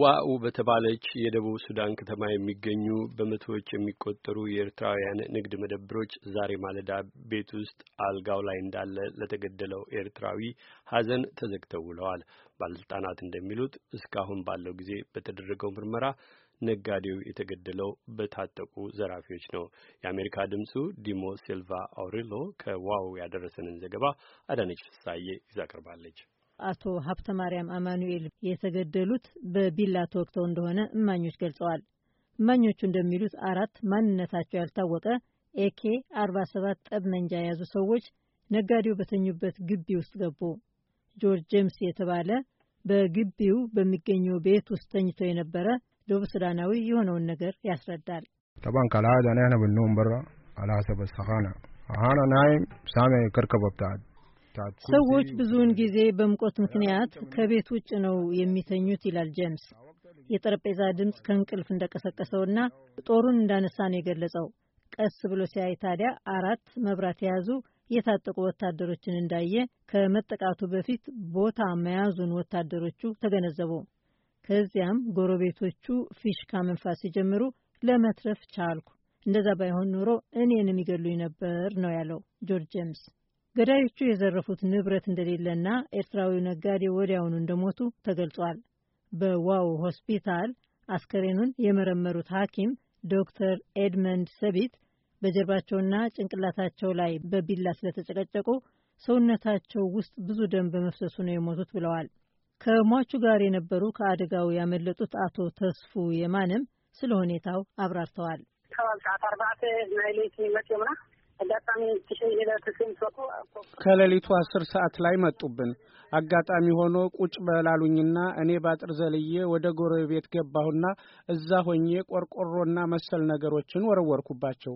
ዋኡ በተባለች የደቡብ ሱዳን ከተማ የሚገኙ በመቶዎች የሚቆጠሩ የኤርትራውያን ንግድ መደብሮች ዛሬ ማለዳ ቤት ውስጥ አልጋው ላይ እንዳለ ለተገደለው ኤርትራዊ ሐዘን ተዘግተው ውለዋል። ባለስልጣናት እንደሚሉት እስካሁን ባለው ጊዜ በተደረገው ምርመራ ነጋዴው የተገደለው በታጠቁ ዘራፊዎች ነው። የአሜሪካ ድምፁ ዲሞ ሲልቫ አውሪሎ ከዋው ያደረሰንን ዘገባ አዳነች ፍሳዬ ይዛ ቀርባለች። አቶ ሀብተ ማርያም አማኑኤል የተገደሉት በቢላ ተወግተው እንደሆነ እማኞች ገልጸዋል። እማኞቹ እንደሚሉት አራት ማንነታቸው ያልታወቀ ኤኬ 47 ጠብመንጃ የያዙ ሰዎች ነጋዴው በተኙበት ግቢ ውስጥ ገቡ። ጆርጅ ጄምስ የተባለ በግቢው በሚገኘው ቤት ውስጥ ተኝቶ የነበረ ደቡብ ሱዳናዊ የሆነውን ነገር ያስረዳል። ጠባን ከላዳ ነህነ በራ አላሰበ አሃና ናይም ሳሜ ከርከበብታድ ሰዎች ብዙውን ጊዜ በምቆት ምክንያት ከቤት ውጭ ነው የሚተኙት ይላል ጄምስ። የጠረጴዛ ድምፅ ከእንቅልፍ እንደቀሰቀሰውና ጦሩን እንዳነሳ ነው የገለጸው። ቀስ ብሎ ሲያይ ታዲያ አራት መብራት የያዙ የታጠቁ ወታደሮችን እንዳየ ከመጠቃቱ በፊት ቦታ መያዙን ወታደሮቹ ተገነዘቡ። ከዚያም ጎረቤቶቹ ፊሽካ መንፋት ሲጀምሩ ለመትረፍ ቻልኩ፣ እንደዛ ባይሆን ኑሮ እኔን ይገሉኝ ነበር ነው ያለው ጆርጅ ጄምስ። ገዳዮቹ የዘረፉት ንብረት እንደሌለና ኤርትራዊው ነጋዴ ወዲያውኑ እንደሞቱ ተገልጿል። በዋው ሆስፒታል አስከሬኑን የመረመሩት ሐኪም ዶክተር ኤድመንድ ሰቢት በጀርባቸውና ጭንቅላታቸው ላይ በቢላ ስለተጨቀጨቁ ሰውነታቸው ውስጥ ብዙ ደም በመፍሰሱ ነው የሞቱት ብለዋል። ከሟቹ ጋር የነበሩ ከአደጋው ያመለጡት አቶ ተስፉ የማንም ስለ ሁኔታው አብራርተዋል። ከሌሊቱ አስር ሰዓት ላይ መጡብን። አጋጣሚ ሆኖ ቁጭ በላሉኝና እኔ ባጥር ዘልዬ ወደ ጎረቤት ገባሁና እዛ ሆኜ ቆርቆሮና መሰል ነገሮችን ወረወርኩባቸው።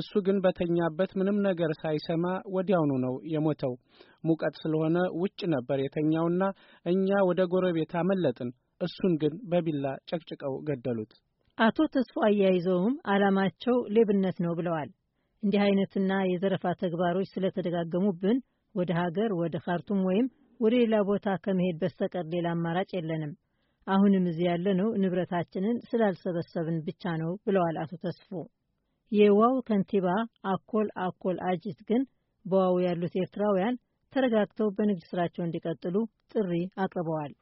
እሱ ግን በተኛበት ምንም ነገር ሳይሰማ ወዲያውኑ ነው የሞተው። ሙቀት ስለሆነ ውጭ ነበር የተኛውና እኛ ወደ ጎረቤት አመለጥን። እሱን ግን በቢላ ጨቅጭቀው ገደሉት። አቶ ተስፋ አያይዘውም አላማቸው ሌብነት ነው ብለዋል። እንዲህ አይነትና የዘረፋ ተግባሮች ስለተደጋገሙብን ወደ ሀገር ወደ ካርቱም ወይም ወደ ሌላ ቦታ ከመሄድ በስተቀር ሌላ አማራጭ የለንም። አሁንም እዚህ ያለነው ንብረታችንን ስላልሰበሰብን ብቻ ነው ብለዋል አቶ ተስፎ። የዋው ከንቲባ አኮል አኮል አጅት ግን በዋው ያሉት ኤርትራውያን ተረጋግተው በንግድ ስራቸው እንዲቀጥሉ ጥሪ አቅርበዋል።